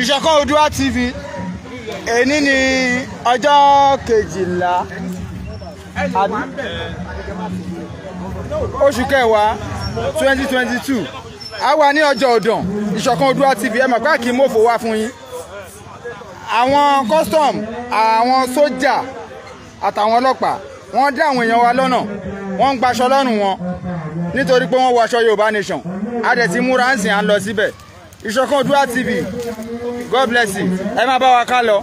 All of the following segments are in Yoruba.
ìṣọ̀kan Oòduà TV èní ni ọjọ́ kejìlá àbí oṣù kẹwàá twenty twenty two a wà ní ọjọ́ ọ̀dàn ìṣọ̀kan Oòduà TV ẹ̀ mọ̀ pé kì í mòfò wá fún yín àwọn custom àwọn sójà àtàwọn ọlọ́pàá wọ́n dá àwọn èèyàn wa lọ́nà wọ́n ń gbaṣọ lọ́rùn wọn nítorí pé wọ́n wọ aṣọ Yorùbá nation a dẹ̀ ti múra ń sìn à ń lọ síbẹ̀. Ìṣọ̀kan Oòduà TV God bless you ẹ máa bá wa ká lọ.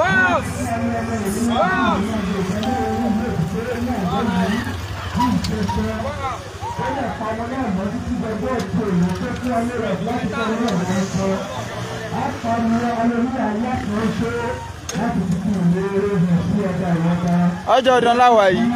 Wow! Wow! Wow! Thank you ọjọ́ ọdún láwa yìí.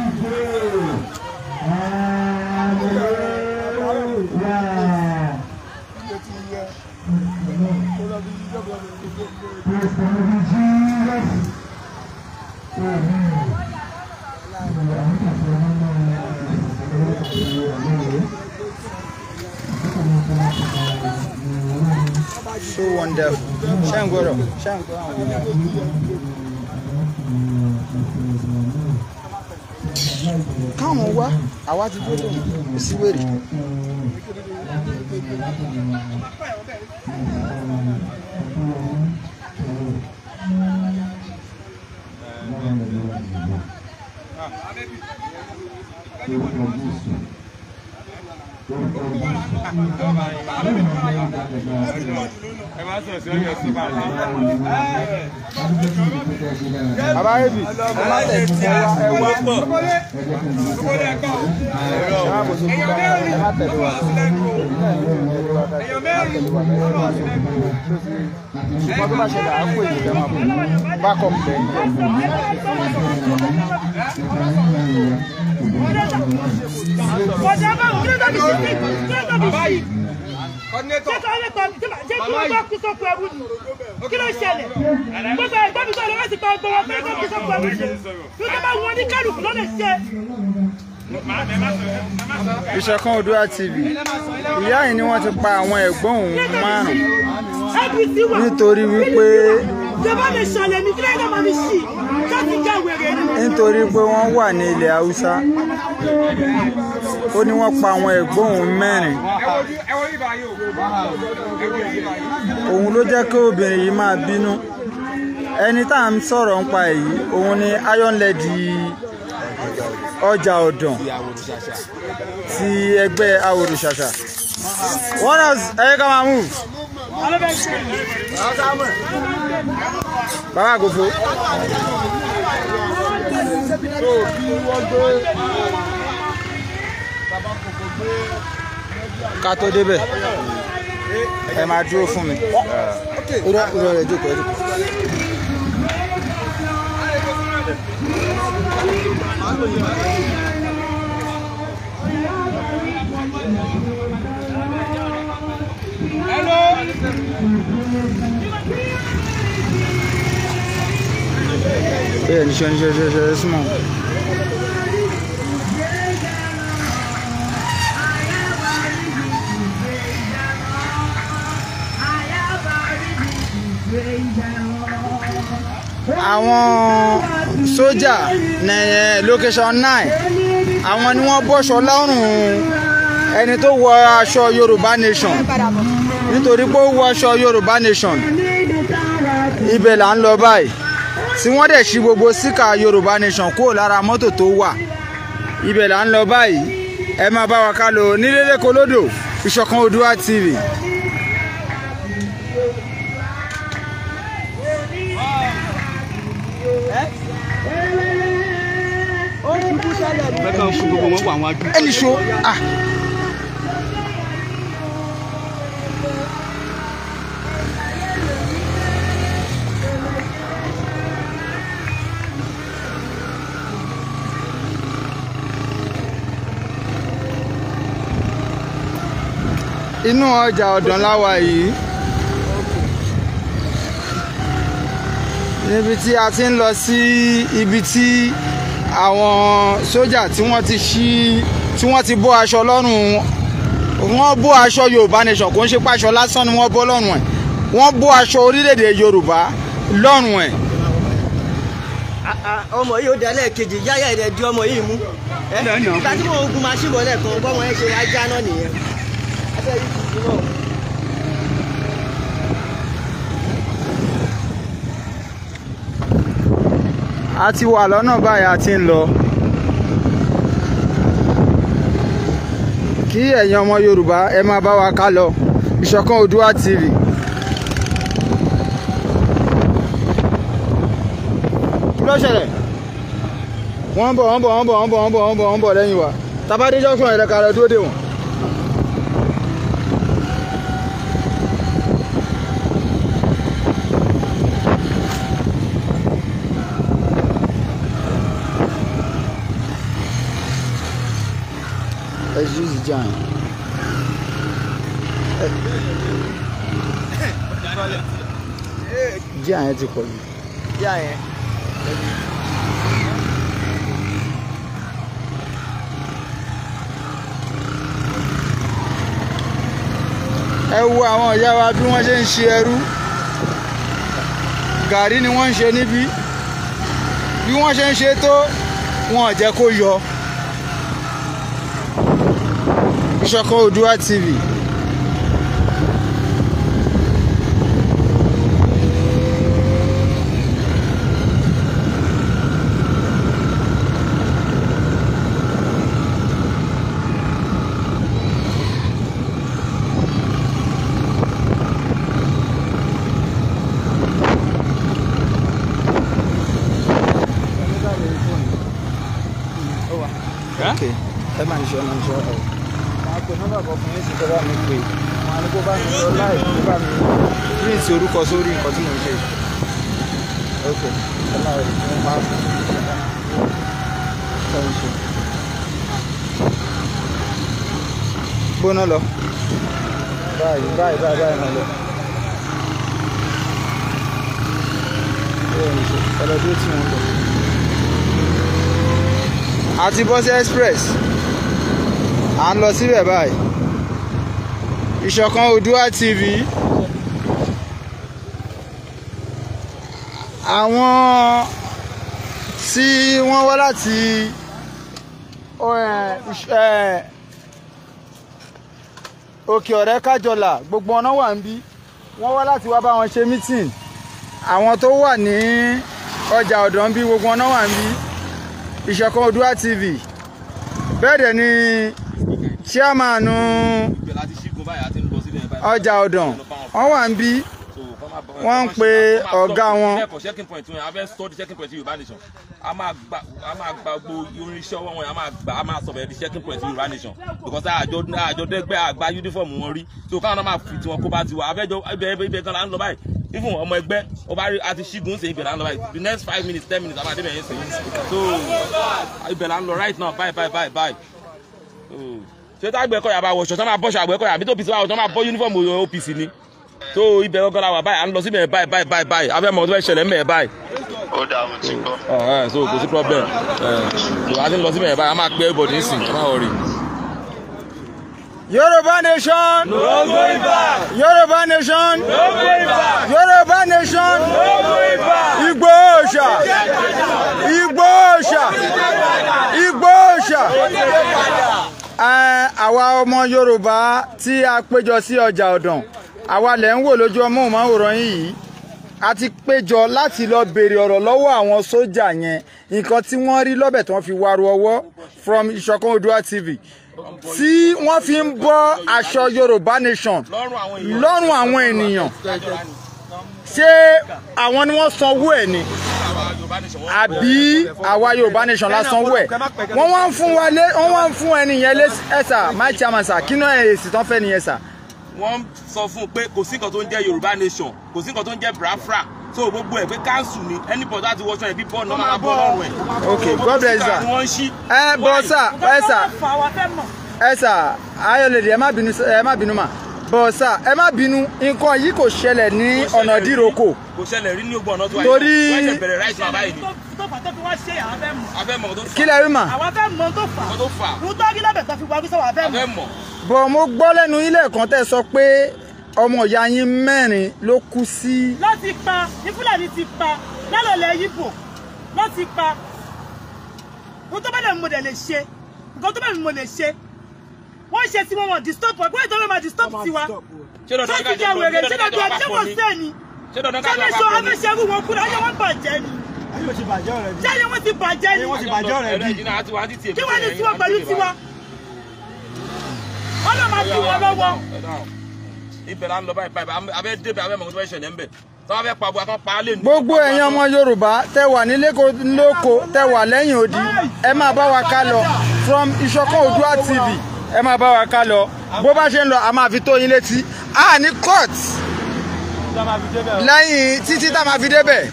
Thank you so wonderful ṣé ń Come ṣé ń gbọ́dọ̀ àwọn èèyàn. káwọn wá àwa ti Thank you bàbá ebi ẹ má tẹ̀sí ẹ wá ẹ wá ẹ má tẹ̀lé wa ṣùgbọ́n tó bá ṣẹlẹ̀ à ń pè é ìjọba máa bọ̀ bá kọ̀ pẹ̀. Bọ̀dé báwo kí ló dé bí ṣe kí ló dé bí ṣe ṣé tí wọ́n bá tí Ìṣọ̀kan Oòduà TV ìyá yìí ni wọ́n ti pa àwọn ẹ̀gbọ́n òun márùn-ún nítorí wípé nítorí pé wọ́n wà ní ilẹ̀ haúsá ó ní wọ́n pa àwọn ẹ̀gbọ́n òun mẹ́rin òun ló jẹ́ kí obìnrin yìí máa bínú ẹni tá à ń sọ̀rọ̀ nípa èyí òun ni Iron ọjà ọ̀dàn ti ẹgbẹ́ Àwòrìṣàṣà wọ́n náà ẹ̀yẹ́ká máa mú bàbá àgòfò tó kí wọ́n gbé bàbá kòkò gbé ká tó débẹ̀ ẹ máa dúró fún mi ìrọ̀ rẹ̀ jókòó ẹ̀ jókòó. Hello. 对，你学你学学学什么？àwọn sójà ní location nine àwọn ni wọ́n bọ́ṣọ lọ́rùn ẹni tó wọ aṣọ Yorùbá nation nítorí pé ó wọ aṣọ Yorùbá nation ibẹ̀ là ń lọ báyìí tí wọ́n dẹ̀ ṣí gbogbo síkà Yorùbá Nation kúrò lára mọ́tò tó wà ibẹ̀ là ń lọ báyìí ẹ máa bá wa ká lọ nílẹ̀lẹ́kọ̀ lódò Ìṣọ̀kan Oòduà TV. ẹni ṣo ah. inú ọjà ọ̀dàn láwa yìí níbi tí a ti ń lọ sí ibi tí àwọn sójà tí wọ́n ti ṣí tí wọ́n ti bó aṣọ lọ́rùn wọ́n bó aṣọ Yorùbá nation kò ń ṣe pàṣọ lásán ni wọ́n bó lọ́rùn ẹ̀ wọ́n bó aṣọ orílẹ̀-èdè Yorùbá lọ́rùn ẹ̀ ọmọ yìí ó dẹ lẹ́ẹ̀kejì yáyà ẹ̀dẹ̀ di ọmọ yìí mú. ìgbà tí mo gun machine bọ̀ lẹ́ẹ̀kan bọ́mọ yẹn ṣe wá jáná nìyẹn. a ti wà lọ́nà báyìí a ti ń lọ. kí ẹ̀yin ọmọ Yorùbá ẹ máa bá wa ká lọ Ìṣọ̀kan Òdua TV. kí ló ṣẹlẹ̀ wọ́n ń bọ̀ wọ́n ń bọ̀ wọ́n ń bọ̀ wọ́n ń bọ̀ wọ́n ń bọ̀ lẹ́yìn wa tabadéjọ́ fún ẹ̀rẹ́ kalẹ̀ dúró dé wọ́n. जाए, जाए jíjà कोई, जाए। pọ̀ jù. jíjà yẹn. ẹ wo àwọn ìyá wa bí wọ́n ṣe ń ṣe ẹrú gàrí ni wọ́n ń ṣe níbí bí wọ́n ṣe ń ṣe tó wọn ò jẹ́ kó yọ. Ìṣọ̀kan Oòduà TV. Okay. Come on, show, man, show nǹkan fún yín sì fẹ́ bá mi pè wọn ni kó bá mi lọ láì kó bá mi print orúkọ sórí nǹkan tí mò ń ṣe ok ọlọ́run mo máa fún un gbóná lọ báyìí báyìí báyìí báyìí náà lọ. àti bọ́sẹ̀ express à ń lọ síbẹ̀ báyìí ìṣọ̀kan odua TV àwọn tí wọ́n wá láti eh, eh, òkè ọ̀rẹ́ kájọlà gbogbo ọ̀nà wà ń bí wọ́n wá láti wá bá wọn ṣe mítìn àwọn tó wà ní ọjà ọ̀dọ́ ń bí gbogbo ọ̀nà wà ń bí ìṣọ̀kan Oòduà TV bẹ́ẹ̀ dẹ̀ ni chairman. Uh, ọjà ọ̀dàn wọ́n wà ń bí wọ́n ń pe ọ̀gá wọn. a máa gba a máa gba gbogbo irinṣẹ́ ọwọ́ wọn a máa gba a máa sọ̀rọ̀ ẹ̀dí checking point Yorùbá nation because àjọ àjọ dẹ́gbẹ́ àgbá uniform wọn rí so káwọn náà máa fi tiwọn kó bá ti wà abẹ́jọ ibẹ̀ ibẹ̀ gan la ń lọ báyìí even ọmọ ẹgbẹ́ ọba àti ṣígun ṣe ibẹ̀ la ń lọ báyìí the next five minutes ten minutes àbádé bẹ̀yẹn ṣe so ibẹ̀ la ń lọ right now bye bye bye bye. Oh ṣé tá Àgbẹ̀kọ̀yà bá wọṣọ tán máa bọ́ṣọ Àgbẹ̀kọ̀yà àbí tó OPC bá wọṣọ tán máa OPC ni tó ibẹ̀ gangan wà báyìí à ń lọ síbẹ̀ báyìí báyìí báyìí báyìí afẹ́ mọ̀ tó fẹ́ ṣẹlẹ̀ mẹ́ẹ̀ báyìí. ó dà ti gbọ́. ẹ ẹ so kò sí problem ẹ a ti ń lọ síbẹ̀ báyìí a máa pẹ́ everybody nsìn a máa wọrí. Yoruba nation. No going back. Yoruba nation. No going back. Yoruba nation. No going back. Igbo Òòṣà. Igbo Òòṣà. Igbo Òòṣà àwa ọmọ Yorùbá tí a péjọ sí ọjà ọ̀dàn àwa lẹ̀ ń wò lójú ọmọ òmáwòrán yìí a ti péjọ láti lọ béèrè ọ̀rọ̀ lọ́wọ́ àwọn sójà yẹn nǹkan tí wọ́n rí lọ́bẹ̀ tí wọ́n fi waru ọwọ́ from Ìṣọ̀kan Oòduà TV tí wọ́n fi ń bọ́ aṣọ Yorùbá nation lọ́rùn àwọn ènìyàn ṣé àwọn ni wọ́n sanwó ẹ̀ ni àbí àwa Yorùbá nation la sanwó ẹ̀ wọ́n wá ń fún wa lé wọ́n wá ń fún ẹni yẹn lé ẹ̀sà má chairman sà kí náà èsì tán fẹ́ nìyẹn sà. wọ́n sọ fún un pé kò sí nǹkan tó ń jẹ́ Yorùbá nation kò sí nǹkan tó ń jẹ́ Biafra so gbogbo ẹ pé káńsù ni anybody láti wọṣọ ẹbí bọ́ọ̀lù náà máa bọ́ lọ́rùn ẹ̀. ok god bless you sir. ẹ bọ́ sà ẹ sà ẹ sà ayọ̀lẹ̀dẹ̀ ẹ má bínú mà bọ̀sà ẹ má bínú nǹkan yìí kò ṣẹlẹ̀ ní ọ̀nà díroko. kò ṣẹlẹ̀ rí ní ogun ọ̀nà tó wáyé torí kí lẹ rí mà. àwọn fẹ́ mọ tó fà mo gbọ́ lẹ́nu ilé ẹ̀kan tẹ́ sọ pé ọmọ ìyá yín mẹ́rin ló kú sí. ló ti pa ní fúlàní ti pa lálọ́lẹ̀ yíbò ló ti pa ohun tó bá dẹ̀ mo dẹ̀ lè ṣe nǹkan tó bá dẹ̀ mo lè ṣe wọ́n ṣe sí wọn wọ́n disturb wa gbọ́dọ̀ ló máa disturb tiwa ṣé ti jẹ wèrè ṣé dandan ṣé wọ́n sẹ́ ni ṣé mi sọ abẹ́ṣẹ́gun wọn kúrò ayé wọn bàjẹ́ ni ṣé wọ́n ti bàjẹ́ ni kí wọ́n ní tiwọn pẹ̀lú tiwa ọlọ́mà ti wọ́n lọ́wọ́. ibẹ̀ la ń lọ báyìí báyìí abẹ́ débẹ̀ abẹ́ mọ̀ tó fẹ́ ṣẹlẹ̀ ń bẹ̀ tọ́wọ́ fẹ́ pa bu akọ́ pa á lè nù. gbogbo ẹ̀yin ọmọ Yorùbá tẹ wà nílé lóko tẹ wà lẹ́yìn odi ẹ máa bá wa ká lọ from Ìṣọ̀kan Oòduà TV ẹ máa bá wa ká lọ bó bá ṣe ń lọ a máa fi tó yín létí a ní court lẹ́yìn títí tá a máa fi débẹ̀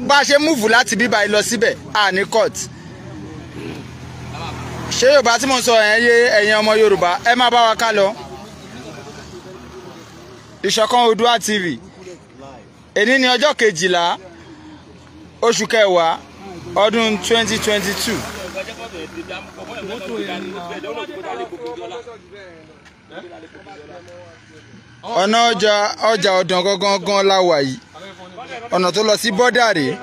bá a ṣe múùfù láti bíbá yìí lọ síbẹ̀ a ní court ṣé yorùbá tí mo sọ ẹ̀ yé ẹ̀yin ọmọ yorùbá ẹ máa bá wa ká lọ ìṣọ̀kan Oòduà TV èní ni ọjọ́ kejìlá oṣù kẹwàá ọdún twenty twenty two. ọ̀nà ọjà ọjà ọ̀dàn gangan gan la wà yìí ọ̀nà tó lọ sí bọ́dà rèé.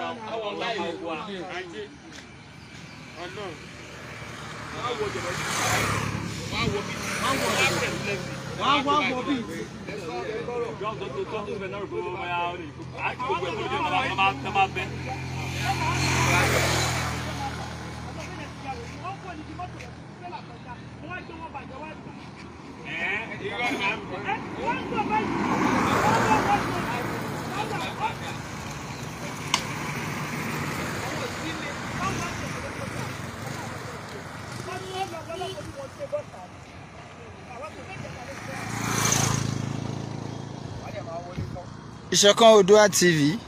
Thank you. Ìṣọ̀kan Odua TV.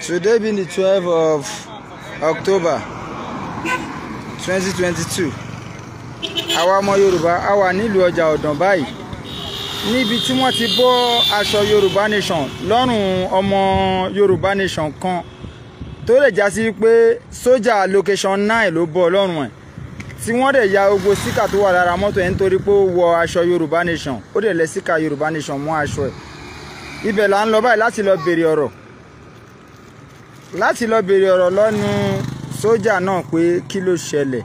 Today being the 12th of October 2022 àwa ọmọ yorùbá a wà nílùú ọjà ọ̀dàn báyìí níbi tí wọ́n ti bọ́ aṣọ yorùbá nation lọ́rùn ọmọ yorùbá nation kan tó lè já pé sójà location nine ló bọ́ lọ́rùn ẹ̀ tí wọ́n dẹ̀ ya ogbó síkà tó wà lára mọ́tò ẹ̀ nítorí pé ó wọ aṣọ yorùbá nation ó dẹ̀ lẹ síkà yorùbá nation mọ́ aṣọ ẹ̀ ibẹ̀ là ń lọ báyìí láti lọ béèrè ọ̀rọ̀ láti lọ béèrè ọ̀rọ̀ lọ́nu sójà náà pé kí ló ṣẹlẹ̀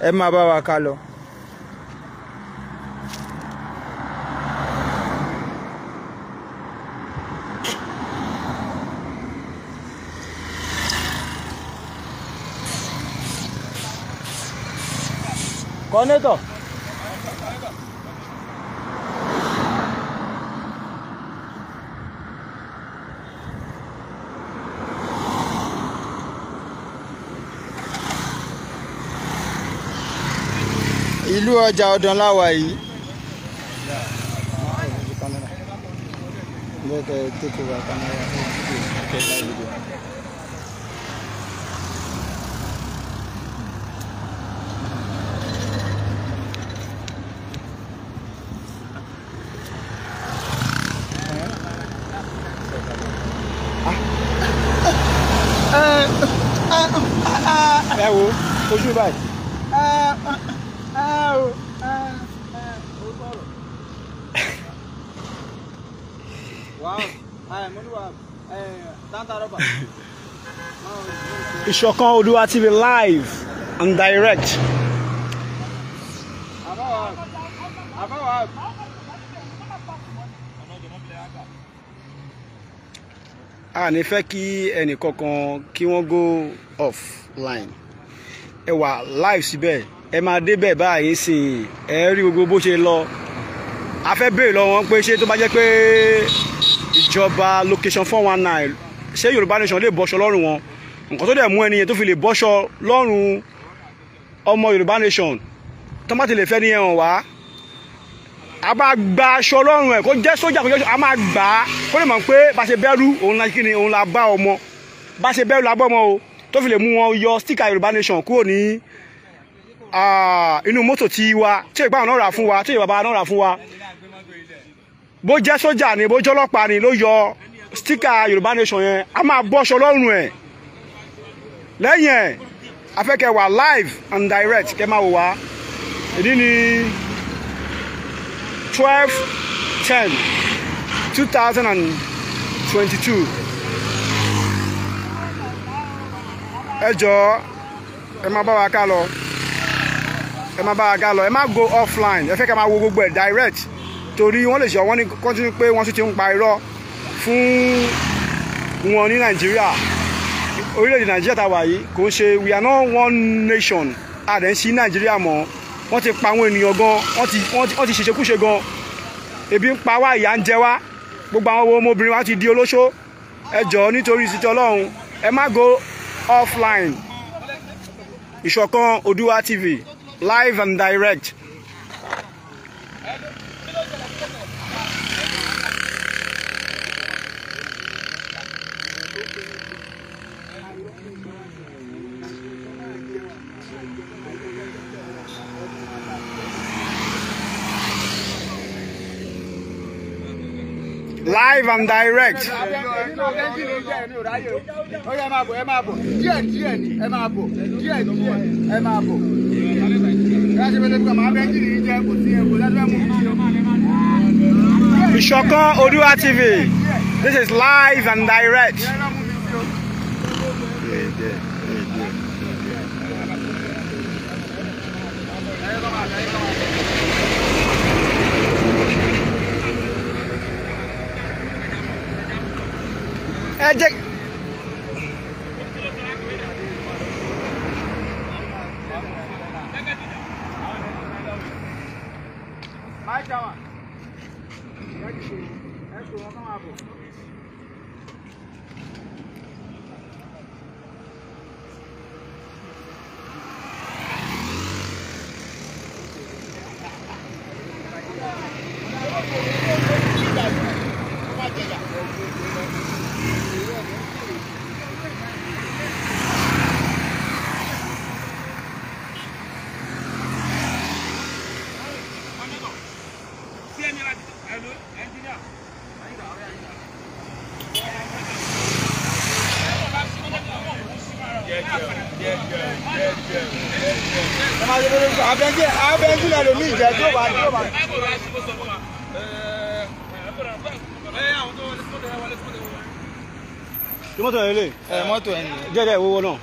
ẹ máa bá wa ká lọ. kọ́nẹ́tọ̀. ìlú ọjà ọdàn láwa yìí. ẹ wo ojú báyìí. Ìṣọ̀kan Odua TV live and direct. a ah, ní fẹ́ kí ẹnì kankan kí wọ́n go offline ẹ wà live síbẹ̀ ẹ máa débẹ̀ báyìí sìn ẹ rí gbogbo bó ṣe lọ a fẹ́ béèrè lọ pé ṣé tó bá jẹ́ pé ìjọba location four one nine ṣé yorùbá nation lè bọ́ṣọ lọ́rùn wọn nǹkan tó dẹ̀ mú ẹni yẹn tó fi lè bọ́ṣọ lọ́rùn ọmọ yorùbá nation tọ́mátì lè fẹ́ nìyẹn hàn wá a bá gba aṣọ lọ́rùn ẹ̀ kó jẹ́ sójà kó jẹ́ sójà a máa gbà á kó lè mọ̀ pé bá ṣe bẹ̀rù òun la kí ni òun la bá ọmọ bá ṣe bẹ̀rù la bá ọmọ o tó fi lè mú wọn yọ stika yorùbá nation kúrò ní inú mọ́tò tí wa tí ìgbà náà rà fún wa tí ìbàbá náà rà fún wa bó jẹ́ sójà ni bó jẹ́ ọlọ́pàá ni ló yọ stika Yorùbá Nation yẹn a máa bọ́ṣọ lọ́rùn ẹ̀ lẹ́yìn ẹ̀ afẹ́kẹ́ live and direct kẹ́ máa wò wá èdè ni twelve ten two thousand and twenty-two ẹ jọ̀ọ́ ẹ má bá wa ká lọ ẹ má bá wa ká lọ ẹ má go offline ẹ fẹ́ ká máa wo gbogbo ẹ̀ direct torí wọ́n lè ṣe wọ́n ní kọ́ńtínú pé wọ́n sì ti ń pa irọ́ fún wọn ní nàìjíríà orílẹ̀-èdè nàìjíríà tá wà yìí kò ń ṣe we are not one nation àdẹ̀ ń sí nàìjíríà mọ́ wọ́n ti pa àwọn ènìyàn gan wọ́n ti ṣèṣekúṣe gan ebi ń pa wá ìyà ń jẹ wá gbogbo àwọn ọmọbìnrin wa ti di olóṣó ẹ jọ̀ọ́ nítorí títí ọlọ́run ẹ má go offline ìṣọ̀kan Oòduà TV live and direct live and direct. ó yẹ máa TV this is live and direct. Yeah, yeah. Ejek. Baik, kawan. Ejek. Ejek, àwọn bẹ́ẹ̀ sílẹ̀ lómi ìjẹ́ tó wà tó wà. kí mọ́tò ẹ̀ lè. ẹ mọ́tò ẹ̀ nìyẹn. jẹ́jẹ́ ìwúwo náà.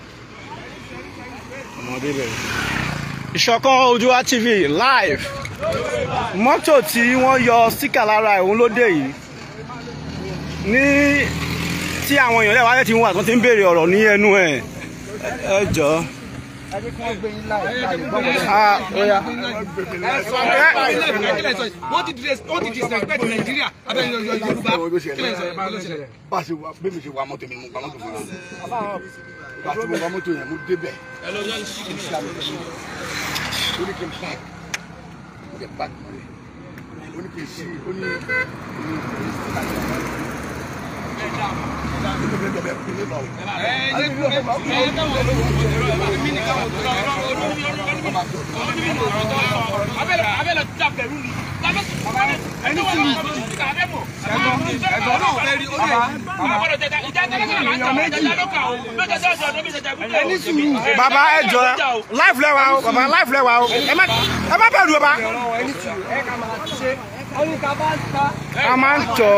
ọmọdé bẹ̀rẹ̀. ìṣọ̀kan Oòduà TV live mọ́tò tí wọ́n yọ síkà lára òun ló dé yìí ní tí àwọn èèyàn lẹ́wàá ti ń wà tó ti ń béèrè ọ̀rọ̀ ní ẹnu ẹ̀ ẹ jọ̀ọ́ wọ́n ti disrespect wọ́n ti disrespect nàìjíríà abẹ́ yorùbá kílẹ̀ sọ yẹn. báṣe wa bẹ́ẹ̀ mi ṣe wa mọ́tò mi mú gbàmọ́tò fún mi bàtí mo gbàmọ́tò yẹn mo débẹ̀ lórí ìjọba ẹkú ilé lọ. abẹ́lẹ̀ tí a bẹ̀rù ni ẹni tí mi baba ẹ jọ life lẹwa o baba life lẹwa o ẹ má bẹ̀rù o ba a máa ń tọ́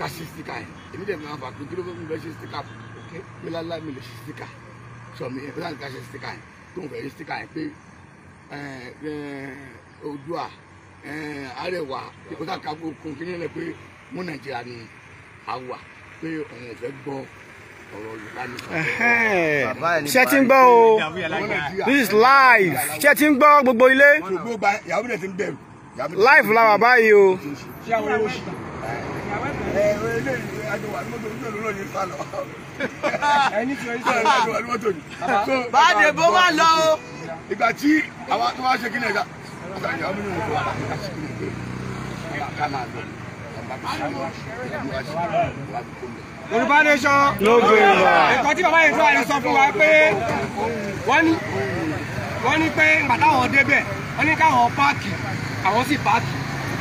kasi sika yẹ èmi dẹ̀ máa kí ló fẹ́ lè ṣe mú nàìjíríà ni a wà pé òun ò fẹ́ gbọ́ ọ̀rọ̀ yorùbá ṣé ti ń gbọ́ o this is live ṣé ti ń gbọ́ gbogbo ilé. yàrá mi ti live la wà báyìí o. ṣé bó wà lọ o. ìgbà tí àwọn tó wá ṣe kí ni ẹ̀ka. Yorùbá nation. tí bàbá yẹn tó àyè fún wa pé wọ́n ní pé ìgbà táwọn débẹ̀ wọ́n ní káwọn páàkì àwọn sì páàkì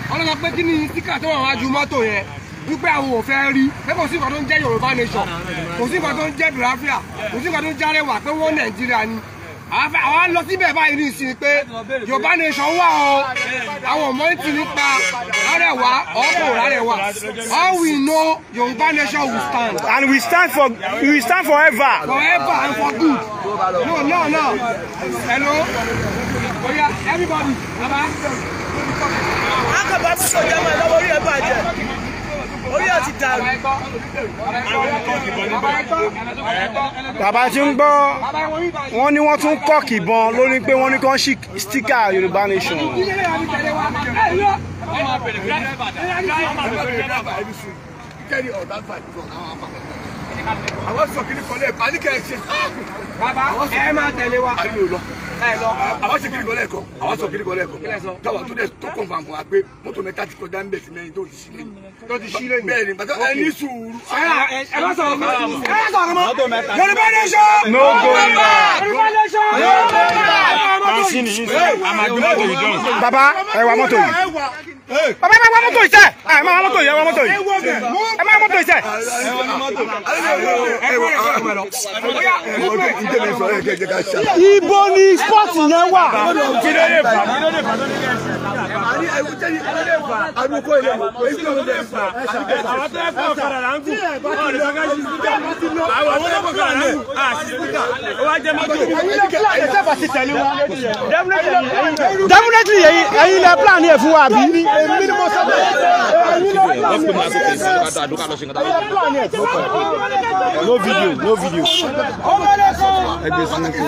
wọ́n lọ sọ pé kí ni síkà tó wà wájú mọ́tò yẹn wípé àwọn ò fẹ́ rí pé kò sí nǹkan tó ń jẹ́ Yorùbá nation kò sí nǹkan tó ń jẹ́ Biafra kò sí nǹkan tó ń jẹ́ Arewa pé wọ́n Nàìjíríà ni àwa lọ síbẹ̀ báyìí ní ìsinmi pé yorùbá nation wà o àwọn ọmọ ń ti nípa rárẹ̀wá ọ̀pọ̀ rárẹ̀wá all we know yorùbá nation will stand. and we stand for we stand forever. forever and for good. no no no hello oya everybody baba. akọ̀bọ̀ sọ̀jọ́ mọ̀ lọ́wọ́ orí ẹ̀ bàjẹ́ bàbá tí ń gbọ́ wọ́n ní wọ́n tún kọ́ kìbọn lórí pé wọ́n ní kí wọ́n ṣí stíkà Yorùbá nation. bàbá ẹ máa tẹ̀lé wa àwa ṣe kiri bọ́lẹ̀ kan àwa sọ kiri bọ́lẹ̀ kan táwa tó dẹ̀ tó kàn fà fún wa pé mọ́tò mẹ́ta ti kọjá ń bẹ̀ sí lẹ́yìn tó ti sí lẹ́yìn. tó ti sí lẹ́yìn. bẹ́ẹ̀ ni bàtà ẹ ní sùúrù. ẹ má sọ̀rọ̀ mọ́ ẹ má sọ̀rọ̀ mọ́ Yorùbá nation. no going back. Yorùbá nation. no going back. machine yìí sọ amadu mọ́tò yìí dán. baba ẹ wa mọ́tò yìí. baba ẹ wa mọ́tò yìí sẹ́ ẹ má wa mọ́tò yìí ẹ wa mọ́tò yìí ẹ má wa mọ́tò yìí sẹ́. ibo ni airport yẹn wà. kí ló lè fà kí ló lè fà tó ní kẹ́ ẹ̀sẹ̀. àní ẹ̀wù jẹ́ ní alẹ́ fà àdúgbò ilé wò èyí tó lè fà. àwọn tó yẹ kó ọ̀kadà là ń kù ọ̀rọ̀ lè fà sí síkà. àwọn tó yẹ kó ọ̀kadà là ń kù à sí síkà. ó wá jẹ́ mọ́tò. definitely yẹ̀yìn ẹ̀yìn lẹ plan yẹ fún wa àbí. èmi ni mo sọ pé ẹ̀yìn lẹ plan yẹ fún wa. no video no video. ẹgbẹ́ sinmi kò.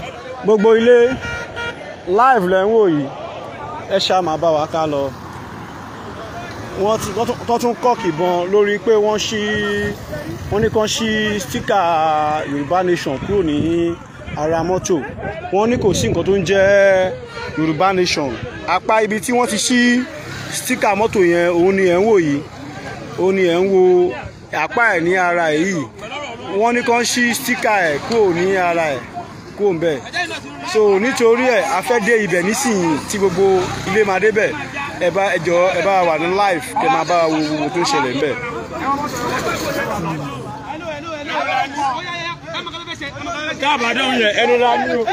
gbogbo ilé live lẹ́ ń wò yìí ẹ ṣáà máa bá wa ká lọ wọ́n tún kọ́ọ̀kì bọn lórí pé wọ́n ṣí wọ́n ní kàn ṣí stíkà Yorùbá Nation kúrò ní ara mọ́tò wọ́n ní kò sí nǹkan tó ń jẹ́ Yorùbá Nation apá ibi tí wọ́n ti ṣí stíkà mọ́tò yẹn òun ni ẹ̀ ń wò yìí òun ni ẹ̀ ń wo apá ẹ̀ ní ara ẹ̀ yìí wọ́n ní kàn ṣí stíkà ẹ̀ kúrò ní ara ẹ̀ kúrò ńbẹ̀ so nítorí ẹ̀ a fẹ́ dé ibẹ̀ nísìnyí tí gbogbo ilé máa débẹ̀ ẹ bá ẹ jọ ẹ bá wà ní live kẹ máa bá wo gbogbo tó ń ṣẹlẹ̀ ńbẹ̀ káàbàdàn yẹn ẹnu la ní o.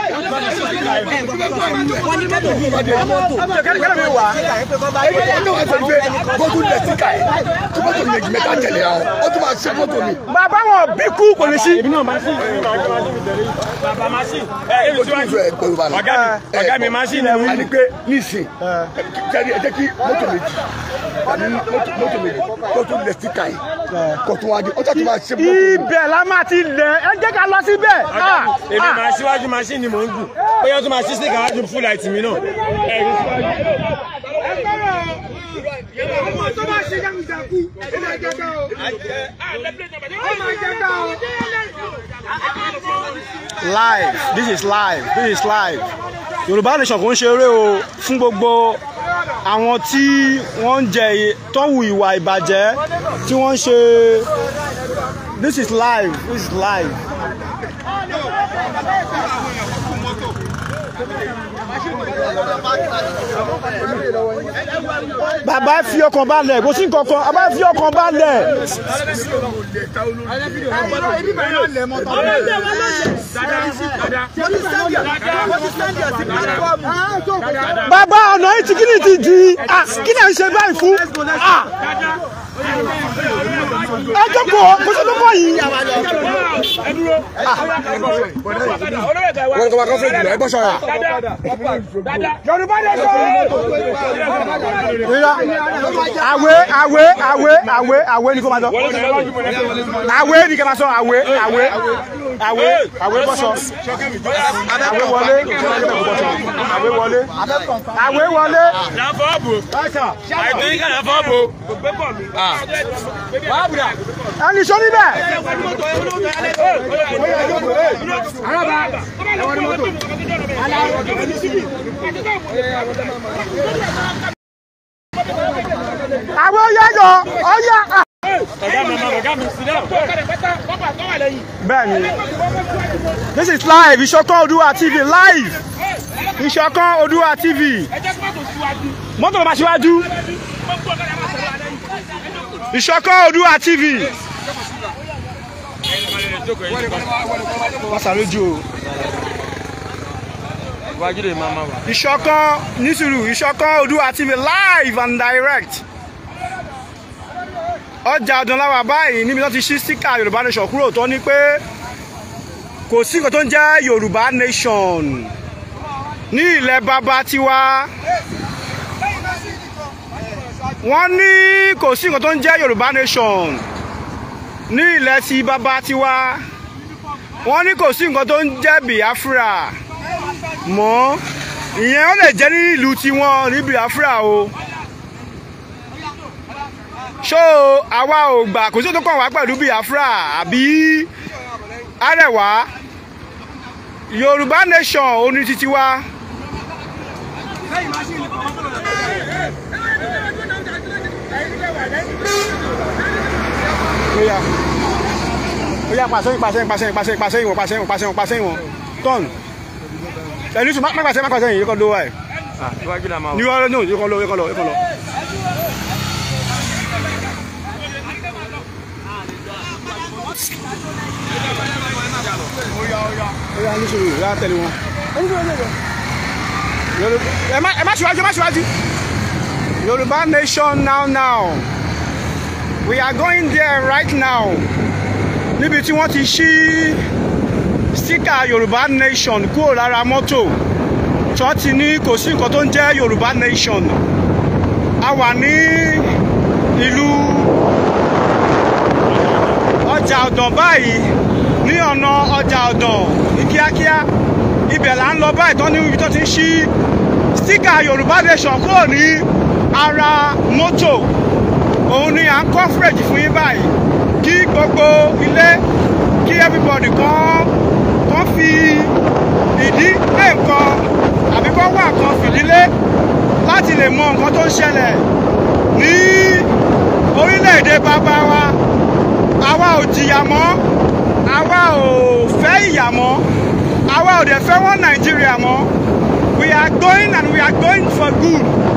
wọ́n ní mọ́tò yìí wọ́n ní mọ́tò. kẹ́lẹ́kẹ́lẹ́ mi wà ẹgbẹ́ yẹn ní wọ́n sọ pé gbogbo ilẹ̀ ti kà ẹ́ tí mọ́tò mi èjì mẹ́ta jẹ̀lẹ̀ ra ọ tó máa ṣe mọ́tò mi. bàbá wọn bí kú kò ní sí. èmi náà máa ṣì ń bàbá máa ṣì. ẹ ẹ ojú ìjọ ẹ pẹ̀lú bàbá ọ̀gá mi máa ṣì ń wí. àní pé níìsín kẹ́ni ẹ jẹ́ kí mọ́tò méjì àní mọ́tò méjì tó tún ilẹ̀ ti kà ẹ́ kò tún di ọjọ́ tó máa ṣe mọ́tò mi. ibẹ̀ ti lẹ̀ ẹ jẹ́ ká lọ síbẹ̀. Ah, ah. ah. èmi máa ṣíwájú machine ni mò ń gùn bóyá tó máa ṣí sí kàwájú full light mi náà. live this is live this is live yorùbá nation kò ń ṣeré o fún gbogbo àwọn tí wọ́n ń jẹ tọ́wù ìwà ìbàjẹ́ tí wọ́n ń ṣe this is live this is live bàbá fi ọkàn balẹ̀ kò sí nǹkan kan bàbá fi ọkàn balẹ̀. bàbá ọ̀nà ìtìkínì ti di ah, kí ni à ń ṣe báyìí fún. Ah ẹ jókòó kó sọ tó kọ yìí. wọn kọ́ wa kọ́ fún ìdílé ẹ bọ́ sọ́ra. yorùbá lè sọ ọ́. awe, awe! Awe, awe, awe, ni kò máa sọ. awe, ni kò máa sọ awe, awe, awe! àwé bọ́sọ. àwé wọlé àwé wọlé àwé wọlé. làbọ̀ bò. àìtúnyíká làbọ̀ bò ẹni sọ níbẹ̀. araba ẹwọ ni mọ́tò. àwọn yọjọ ọyà. ọ̀gá mi ọ̀gá mi sílẹ̀. bẹ́ẹ̀ni this is live Ìṣọ̀kan Oòduà TV live Ìṣọ̀kan Oòduà TV mọ́tò bàbá síwájú. Ìṣọ̀kan Oòduà TV. Pásálójú o. nísìrú Ìṣọ̀kan Oòduà TV live and direct. Ọjà Ọ̀dànláwà báyìí níbi tó ti ṣí síkà Yorùbá Nation kúrò tó ní pé kò sí nǹkan tó ń jẹ́ Yorùbá Nation ní ilẹ̀ bàbá tiwa wọ́n ní kò sí nǹkan tó ń jẹ́ yorùbá nation ní ilẹ̀ ti bàbá tiwa wọ́n ní kò sí nǹkan tó ń jẹ́ biafra mọ́ ìyẹn ó lè jẹ́ ní ìlú tiwọn ní biafra o ṣó àwa ò gbà kò sí tó kàn wá pẹ̀lú biafra àbí arẹwà yorùbá nation ó ní títí wá. Oya. Oya pàṣẹ yín pàṣẹ yín pàṣẹ yín pàṣẹ yín pàṣẹ yín wọ̀n Ẹni sùn má pàṣẹ má pàṣẹ yín yóò kọ́ lówó ẹ̀. Ní wọ́n lọ yóò kọ́ lówó yóò kọ́ lọ yóò kọ́ lọ. Oya ní sùn yóò tẹ̀lé wọn. Ẹ má ṣíwájú ẹ má ṣíwájú. Yorùbá nation now now we are going there right now níbi tí wọ́n ti ṣí stika yorùbá nation kúrò lára mọ́tò tí wọ́n ti ní kò sí nǹkan tó ń jẹ́ yorùbá nation a wà ní ìlú ọjà ọ̀dàn báyìí ní ọ̀nà ọjà ọ̀dàn ní kíákíá ibẹ̀ là ń lọ báyìí tán ní ibi tó ti ń ṣí stika yorùbá nation kúrò ní ara mọ́tò òun ni à ń coverage fún yín báyìí kí gbogbo ilé kí everybody kan kan fi ìdí lé àbí kan wà kan fìdílé láti lè mọ nǹkan tó ń ṣẹlẹ̀ ní orílẹ̀-èdè bàbá wa àwa ò jìyà mọ́ àwa ò fẹ́ ìyà mọ́ àwa ò dẹ̀ fẹ́ wọ́n Nàìjíríà mọ́ we are going and we are going for good.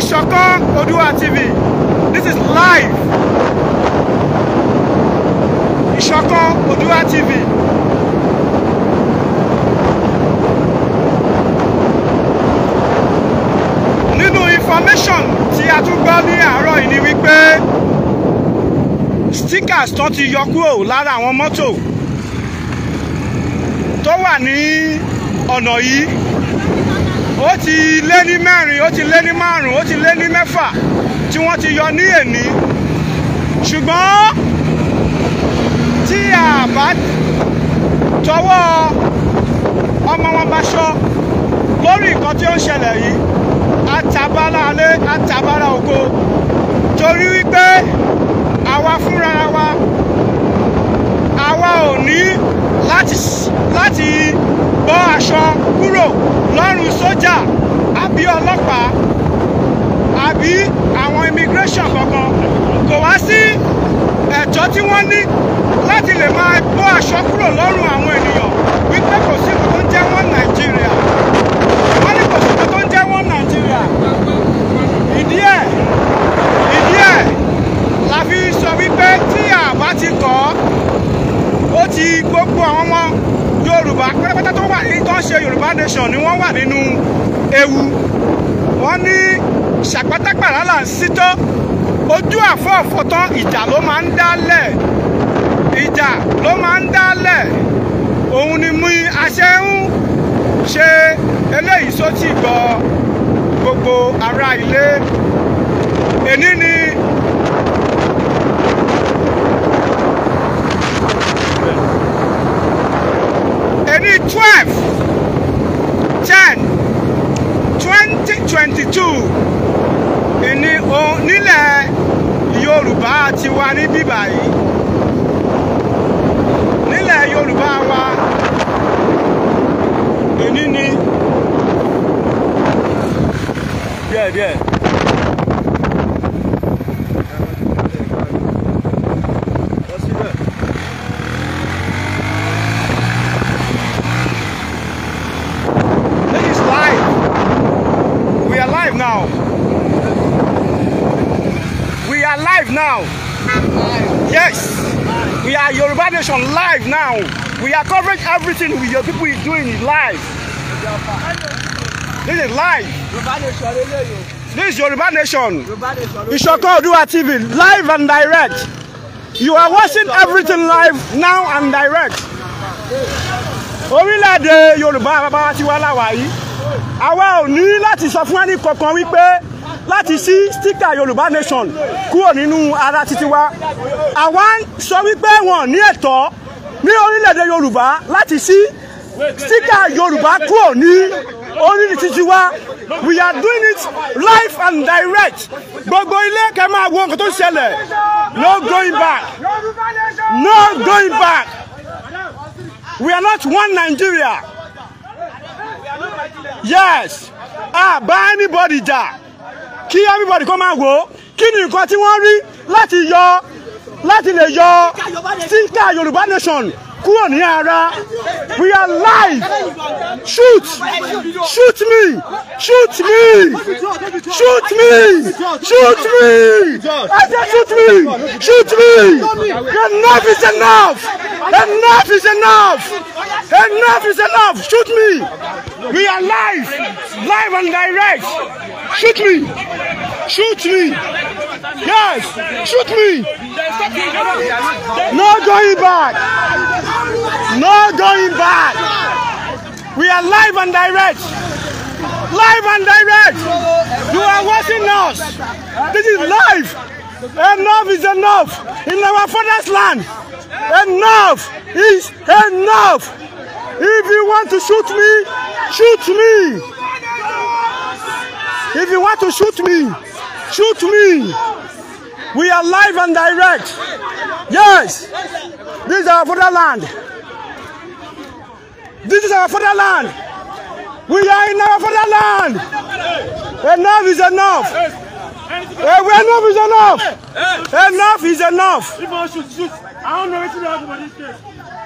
Ìṣọ̀kan Oòduà TV this is live Ìṣọ̀kan Oòduà TV. Nínú information tí a tún gbọ́ ní àárọ̀ yìí ni wípé stickers tó ti yọ kúrò lára àwọn mọ́tò tó wà ní ọ̀nà yìí ó ti lé ní mẹ́rin ó ti lé ní márùn ó ti lé ní mẹ́fà tí wọ́n ti yọ ní èní ṣùgbọ́n tí a bá tọwọ́ ọmọ wọn bá ṣọ́ lórí nǹkan tí ó ń ṣẹlẹ̀ yìí atabala alẹ́ atabala oko torí wípé àwa fúnra wa àwa ò ní láti láti bọ́ aṣọ kúrò lọ́rùn sójà àbí ọlọ́pàá àbí àwọn immigration kankan kò wá sí ẹ̀tọ́ tí wọ́n ní láti lè máa bọ́ aṣọ kúrò lọ́rùn àwọn ènìyàn wípé kò sí kò ń jẹ́ wọ́n nàìjíríà ti gbogbo àwọn ọmọ yorùbá pátápátá tó wà ní tó ń ṣe yorùbá nation ni wọ́n wà nínú ewu wọ́n ní ṣàpátápàrà là ń sítọ́ ojú àfọ́ọ̀fọ́ ìjà ló máa ń dálẹ̀ ìjà ló máa ń dálẹ̀ òun ni mú aṣẹ ń ṣe eléyìí sótì gbọ́ gbogbo ará ilé èní ni. ní twelve ten twenty twenty two ìní nílẹ̀ Yorùbá tiwa ní bíbà wa ìní Yeah, díẹ̀díẹ̀. now. Yes, we are Yoruba Nation live now. We are covering everything with your people is doing it live. This is live. This is Yoruba Nation. Isoko Oduwa TV, live and direct. You are watching everything live now and direct. Orílẹ̀-èdè Yorùbá bàbá tiwa láwàá yìí. Àwa ò ní láti sọ fún ẹnì kankan wípé láti ṣí stika yorùbá nation kúrò nínú ara títí wa àwa sọ wípé wọn ní ẹ̀tọ́ ní orílẹ̀-èdè yorùbá láti ṣí stika yorùbá kúrò ní orílẹ̀ títí wa we are doing it live and direct gbogbo ilé kẹ máa wo nǹkan tó ṣẹlẹ̀ no going back no going back we are not one nigeria yes ah bá anybody jà. Ja kí everybody kó máa wò ó kí ni nǹkan tí wọ́n rí láti yọ láti lè yọ síkà Yorùbá nation kúrò ní ara we are live shoot shoot me shoot me shoot me shoot me I say shoot me shoot me enough is enough enough is enough enough is enough shoot me we are live live and direct shoot me shoot me yes shoot me no going back. No going back. We are live and direct. Live and direct. You are watching us. This is live. Enough is enough. In our father's land. Enough is enough. If you want to shoot me, shoot me. If you want to shoot me, shoot me. We are live and direct. Yes. This is our fatherland. This is our fatherland. We are in our fatherland. Enough is enough. Eh, enough is enough. Enough is enough.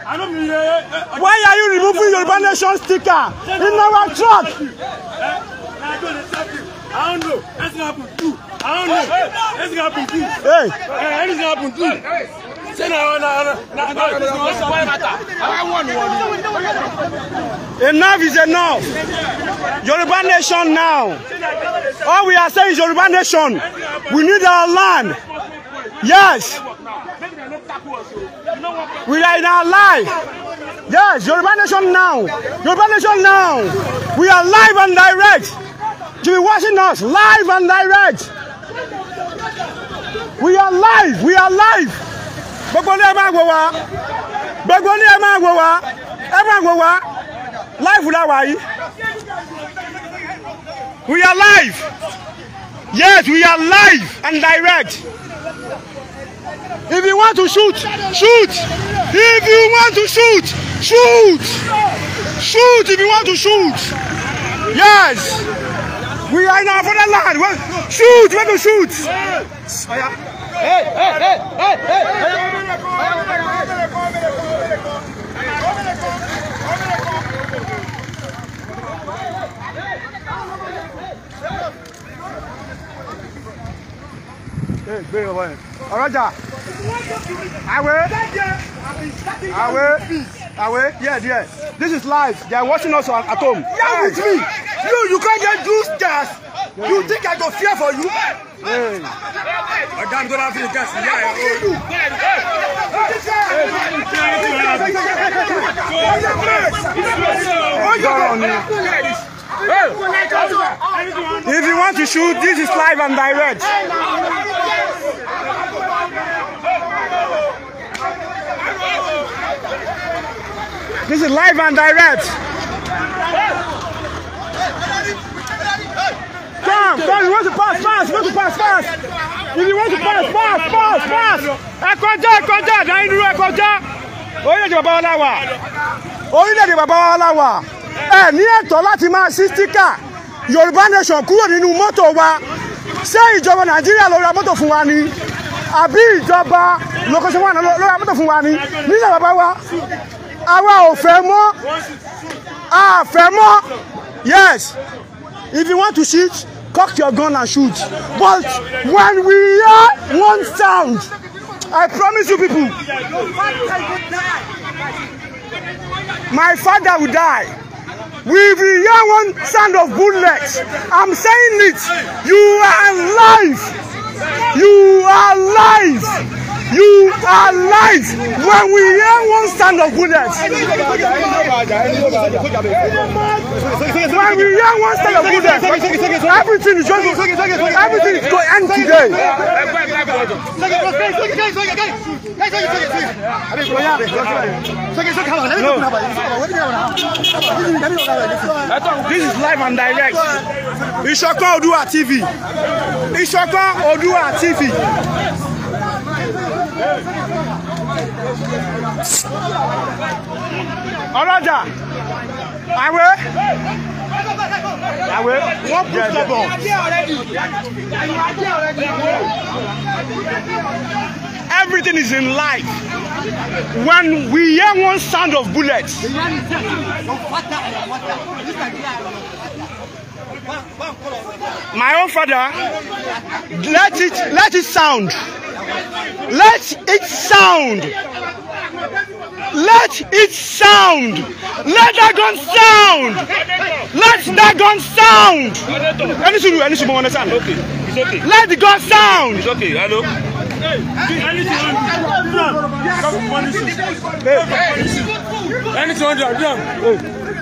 I don't know eh, Why are you removing your Nation sticker in our truck? Eh, I don't know. I don't know. Anything happen too. Hey. Uh, anything happen too. Say no, no, no, no, no, no, no, Enough is enough. Yoruba nation now. All we are saying is Yoruba nation. We need our land. Yes. We are in our life. Yes, Yoruba Nation now. Yoruba Nation now. We are live and direct. Jimmy watching us live and direct we are live we are live gbogbo ní ẹ máa wò wá gbogbo ní ẹ máa wò wá ẹ máa wò wá live la wà yìí we are live yes we are live and direct if you want to shoot shoot if you want to shoot shoot shoot if you want to shoot yes. We are now for the land. Well, shoot, we're going to shoot. Hey, hey, hey, hey, hey. Hey, gbé ọwọ́ ẹ̀. Ọ̀rọ̀jà. Àwẹ̀. Àwẹ̀. Away? Yes, yes. This is live. They are watching us at home. Yeah, with me. You, you can't get juice gas. Yeah. You think I got fear for you? Hey. Ọ̀gá mi tó bá fi ní kẹ́sì yá ẹ̀ o. If you want to shoot, this is live and direct. This is live and direct. Come, come, you want to pass, pass, you want to pass, pass. If you want to pass, pass, pass, pass. Ẹ kọjá, ẹ kọjá, dáhìn dúró, ẹ kọjá. Orílẹ̀-èdè bàbá wa la wà. Orílẹ̀-èdè bàbá wa la wà. Ẹ ní ẹ̀tọ́ láti máa ṣí stíkà. Yorùbá nation kúrò nínú mọ́tò wa. Ṣé ìjọba Nàìjíríà ló ra mọ́tò fún wa ni? Àbí ìjọba lókòṣe wà ló ra mọ́tò fún wa ni? Nílẹ̀ bàbá wa àwa ò fẹ́ mọ́ a fẹ́ mọ́ yes if you want to shoot cock your gun and shoot but when we hear one sound I promise you people my father will die we will hear one sound of bullet I'm saying it you are alive you are alive. You are light. When we hear one sound of bullets, when we hear one sound of bullets, everything is going to everything is going to end today. This is live and direct. Ìṣọ̀kan Odua TV. Ìṣọ̀kan Odua TV ọlọ́jà àwẹ àwẹ wọ́n kú sọ̀bọ̀. Everything is in life. When we hear one sound of bullets, my own father, let it let it sound. Let it sound. Let it sound. Let that gun sound. Let that gun sound. Ẹni sùn ẹni sùn understand. Okay, it's okay. Let the gun sound. It's okay, hello. Anything on drum, drum.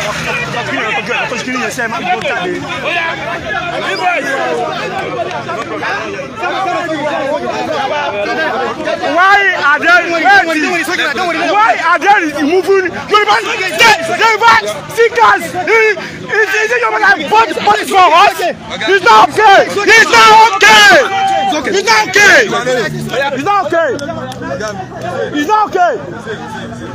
ọkùnrin yẹn kọjú ẹ̀ Why are they moving? Why are they removing Yoruba seekers? Is is it Yoruba that vote vote for us? It's not okay. It's not okay. It's not okay. It's not okay. It's not okay.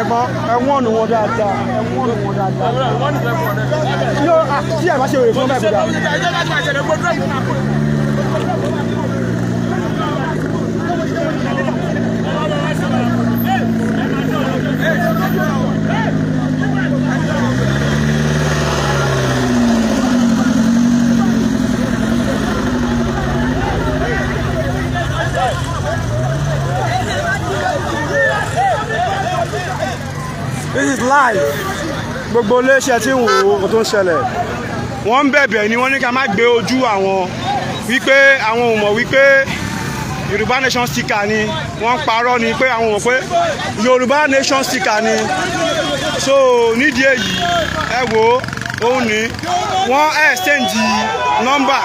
ẹ̀gbọ́n ẹ̀wọ̀n nù wọn dáadáa ẹ̀wọ̀n nù wọn dáadáa. Ah, tí ẹ bá ṣe wèrè fún bẹ́ẹ̀ kúta. Hey! this is live gbogbo iléeṣẹ́ tí ń wò ó kò tó ń ṣẹlẹ̀ wọ́n ń bẹ̀bẹ̀ ni wọ́n ní ká má gbé ojú àwọn wípé àwọn ò mọ̀ wípé yorùbá nation sticker ni wọ́n parọ́ ni pé àwọn ò pé yorùbá nation sticker ni so nídìí èyí ẹ wò ó òun ni wọ́n exchange nọ́mbà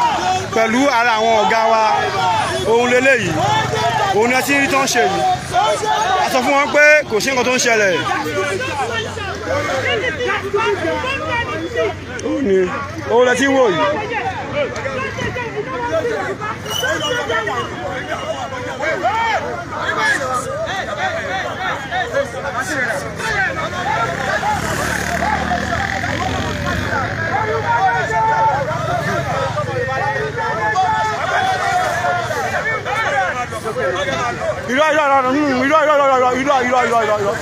pẹ̀lú ara àwọn ọ̀gá wa òun lélẹ́yìí òun ni ẹ ti rí tán ṣe yìí sọ fún wọn pé kò sí nǹkan tó ń ṣẹlẹ̀. ó ní owó lẹ ti wò yìí. Hey, hey, hey, hey, hey, hey. Irọ́ irọ́ hmm, irọ́ irọ́ irọ́ irọ́ irọ́ irọ́ irọ́ irọ́ irọ́.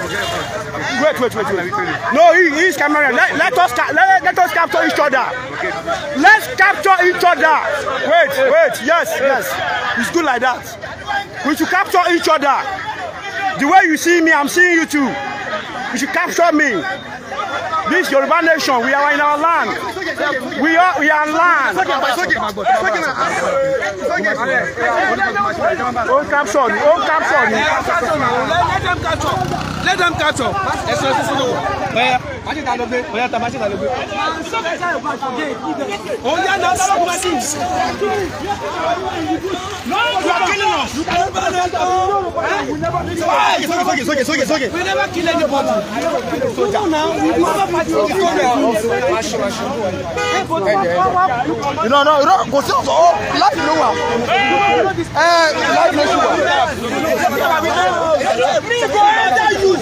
Wait wait wait wait. No he he is Cameroon. Let, let us let, let us capture each other. Let's capture each other. Wait wait yes yes. It's good like that. We should capture each other. The way you see me, I'm seeing you too. You should capture me. This Yoruba nation, we are in our land. We are we are land. Ó capture ni, ó capture ni. Let them catch up. Let them catch up. Machine ta ló gbé. Ó yá ta machine ta ló gbé. Ó yá na ta ló gbé machine. No, you are killing us. You cannot burn us. Why? It's okay, it's okay, it's okay, it's okay. We never kill anybody. So now, now we do have a party. It's okay. Machine, machine. No, no, no. Kò sí ọ̀sọ̀ ọ́ láti ló wà. Ẹ láti ló ṣùgbọ́n. Mi kò ẹ́ dá yùs.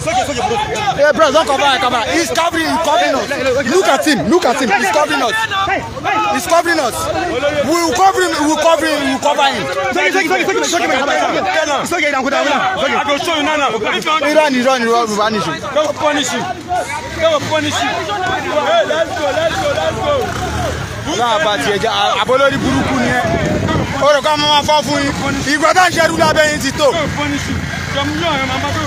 Hey, bro, don't cover, cover. He's covering, he's covering us. Look at him, look at him. He's covering us. He's covering us. We'll cover him, we'll cover him, we'll cover him. I will show you now. He ran, he ran, he ran, we vanish him. Go punish him. Go punish him. Hey, let's go, let's go, let's go. Láà bá tiẹ̀ jẹ́ àbólórí burúkú ni ẹ́. Orúkọ ọmọ wọn fọ́ fún yín. Ìgbà tá à ń ṣerú lábẹ́ yín ti tó. Go punish him. Jọ̀mú yóò rẹ̀ màmá go.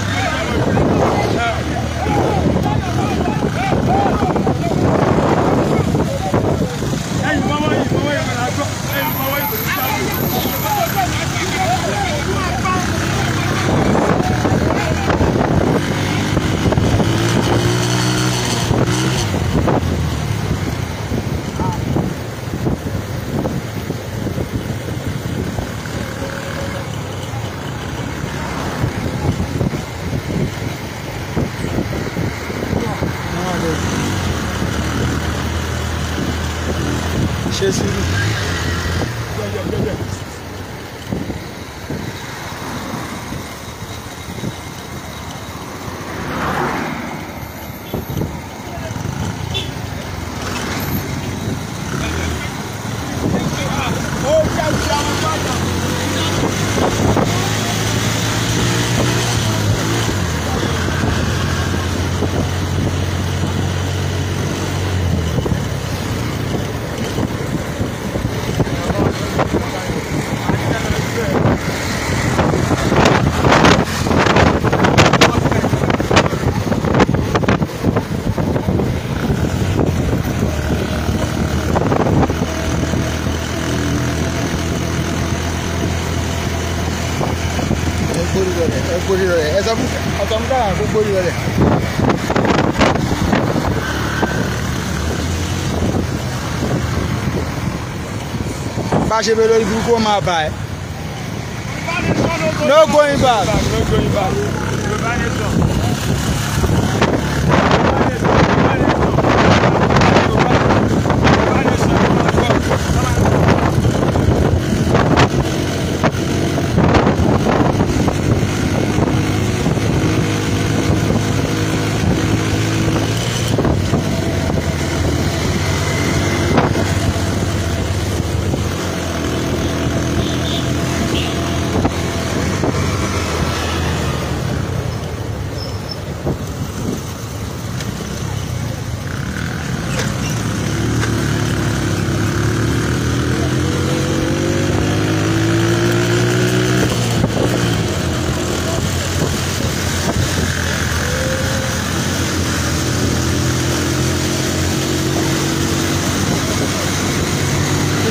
gbóyè rẹ̀. bá a ṣe bẹ lórí burúkú ó máa bà ẹ́. no going back. no going back.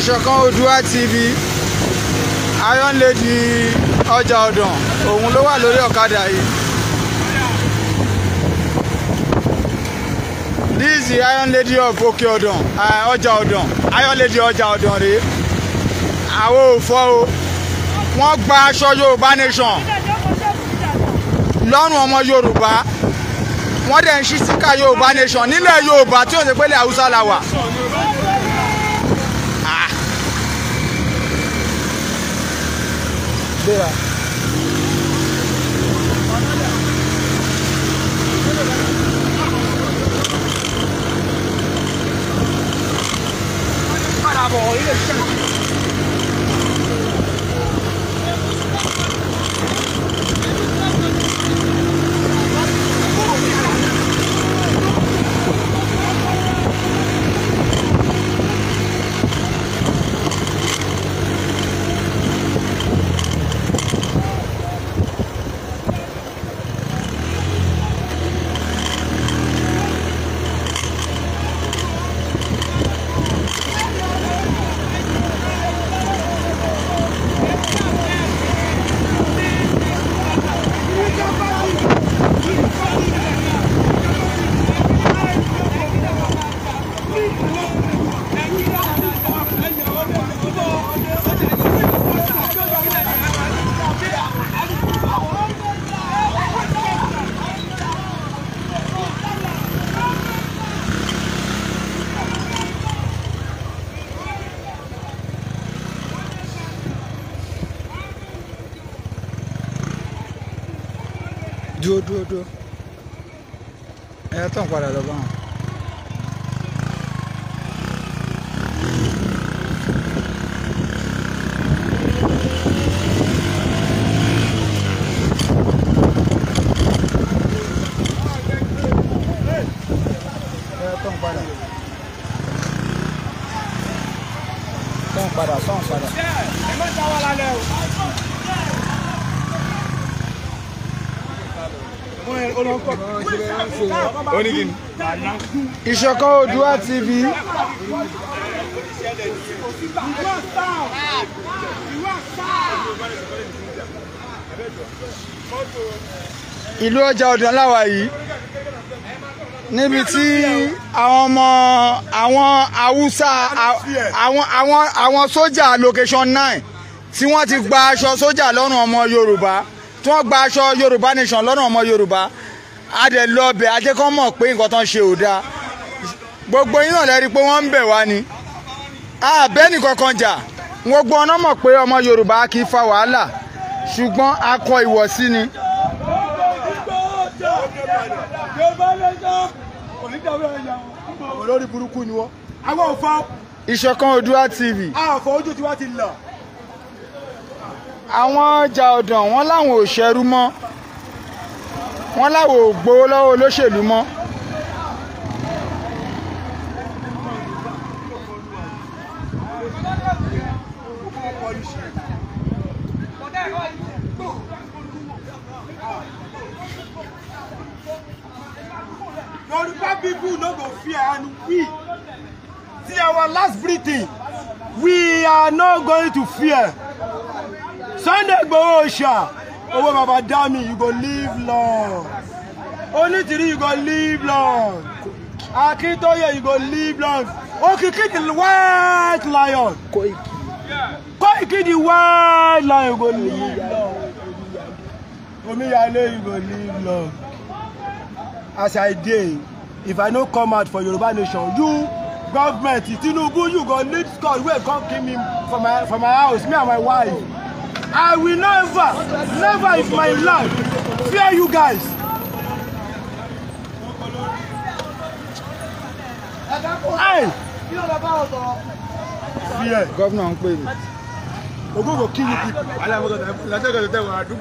ìṣọ̀kan Oòduà TV Iron Lady ọjà ọ̀dàn òun ló wà lórí ọ̀kadà yìí this is the Iron Lady of òkè ọ̀dàn ọjà ọ̀dàn Iron Lady ọjà ọ̀dàn rèé àwọn òfò o wọ́n gba aṣọ Yorùbá nation lọ́rùn ọmọ Yorùbá wọ́n dẹ̀ ń ṣí síkà Yorùbá nation nílẹ̀ Yorùbá tí ò ní pẹ́lẹ̀ Haúsá la wà. 对了。快点！快点！快点！快 dúró dúró ẹ tàn padà ìṣọ̀kan Oòduà TV. ìlú ọjà ọ̀dàn láwa yìí níbi tí àwọn ọmọ àwọn haúsá àwọn àwọn àwọn sójà location nine tí wọ́n ti gba aṣọ sójà lọ́rùn ọmọ yorùbá tí wọ́n gba aṣọ yorùbá nation lọ́rùn ọmọ yorùbá a dẹ̀ lọ bẹ̀ ajẹ́ kán mọ̀ pé nǹkan tán ṣe ò dáa gbogbo yín náà lẹ́rí pé wọ́n ń bẹ̀ wá ni àbẹ́ nìkankan jà gbogbo ọ̀nà mọ̀ pé ọmọ Yorùbá kì í fa wàhálà ṣùgbọ́n akọ ìwọ̀sí ni. olórí burúkú ni wọ́n. àwọn ò fọ́. Ìṣọ̀kan Oòduà TV. a ò fọ ojú tiwa ti lọ. àwọn ọjà ọ̀dàn wọn láwọn ò ṣẹrú mọ́ wọ́n láwọn ò gbowó lọ́wọ́ olóṣèlú mọ́. Yoruba people no go fear and we, till our last breathing, we are not going to fear. Sunday Igboho Oòṣà. Owo Baba Dami, you go live long. Only three, you go live long. Akintoye, you go live long. Okiki, the white lion. Koiki. Koiki, the white lion, you go live long. Omiyale, you go live long. As I dey, if I no come out for Yoruba Nation, you government, Tinubu, you go lead squad, wey come kill me for my for my house, me and my wife. I will never, never in my life fear you guys. Hey! Fear. Governor, I'm going to kill you people.